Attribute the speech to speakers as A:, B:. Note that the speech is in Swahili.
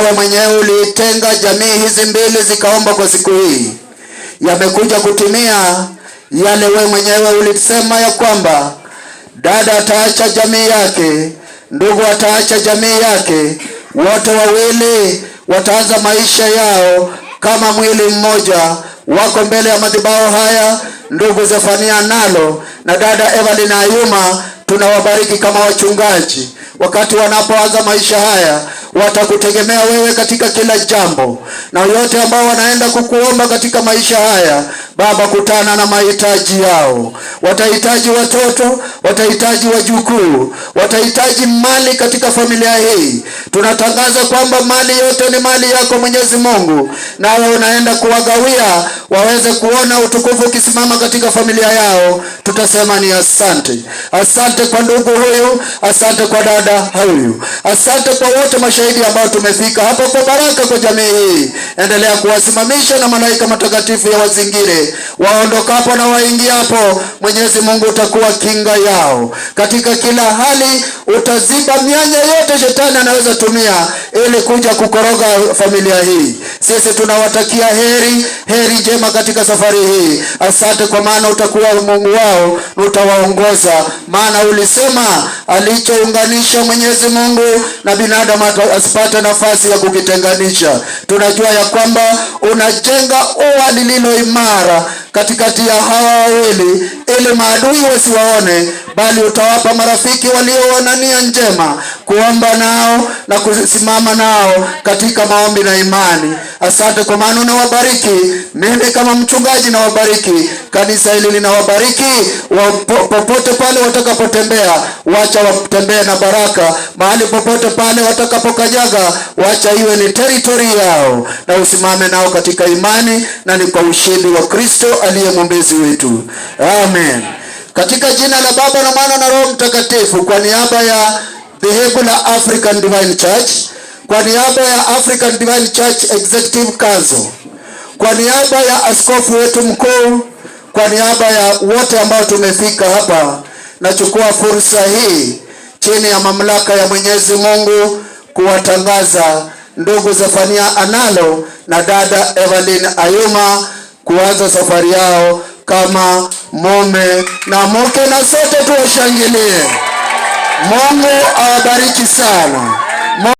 A: Wewe mwenyewe uliitenga jamii hizi mbili zikaomba kwa siku hii, yamekuja kutimia yale wewe mwenyewe ulisema ya kwamba dada ataacha jamii yake, ndugu ataacha jamii yake, wote wawili wataanza maisha yao kama mwili mmoja. Wako mbele ya madhabahu haya ndugu Zefania Nalo na dada Evelyn Ayuma, tunawabariki kama wachungaji wakati wanapoanza maisha haya watakutegemea wewe katika kila jambo, na yote ambao wanaenda kukuomba katika maisha haya, Baba, kutana na mahitaji yao. Watahitaji watoto, watahitaji wajukuu, watahitaji mali katika familia hii. Tunatangaza kwamba mali yote ni mali yako Mwenyezi Mungu, nawe unaenda kuwagawia waweze kuona utukufu ukisimama katika familia yao tutasema ni asante. Asante kwa ndugu huyu, asante kwa dada huyu, asante kwa wote mashahidi ambao tumefika hapa, kwa baraka kwa jamii hii. Endelea kuwasimamisha na malaika matakatifu ya wazingire, waondokapo na waingiapo. Mwenyezi Mungu utakuwa kinga yao katika kila hali, utaziba mianya yote shetani anaweza tumia ili kuja kukoroga familia hii. Sisi tunawatakia heri, heri njema katika safari hii. Asante kwa maana utakuwa Mungu wao, utawaongoza. Maana ulisema alichounganisha Mwenyezi Mungu na binadamu asipate nafasi ya kukitenganisha. Tunajua ya kwamba unajenga ua lililo imara katikati ya hawa wawili, ili maadui wasiwaone, bali utawapa marafiki walioona nia njema kuomba nao na kusimama nao katika maombi na imani. Asante kwa maana unawabariki. Mimi kama mchungaji na wabariki kanisa hili, linawabariki popote pale watakapotembea, wacha watembee na baraka. Mahali popote pale watakapokanyaga, wacha iwe ni teritori yao, na usimame nao katika imani, na ni kwa ushindi wa Kristo aliye mwombezi wetu. Amen. Katika jina la Baba na Mwana na Roho Mtakatifu, kwa niaba ya dhehebu la African Divine Church, kwa niaba ya African Divine Church Executive Council, kwa niaba ya askofu wetu mkuu, kwa niaba ya wote ambao tumefika hapa, nachukua fursa hii chini ya mamlaka ya Mwenyezi Mungu kuwatangaza ndugu Zefania Analo na dada Evelyn Ayuma kuanza safari yao kama mume na mke, na sote tuwashangilie. Mungu awabariki sana.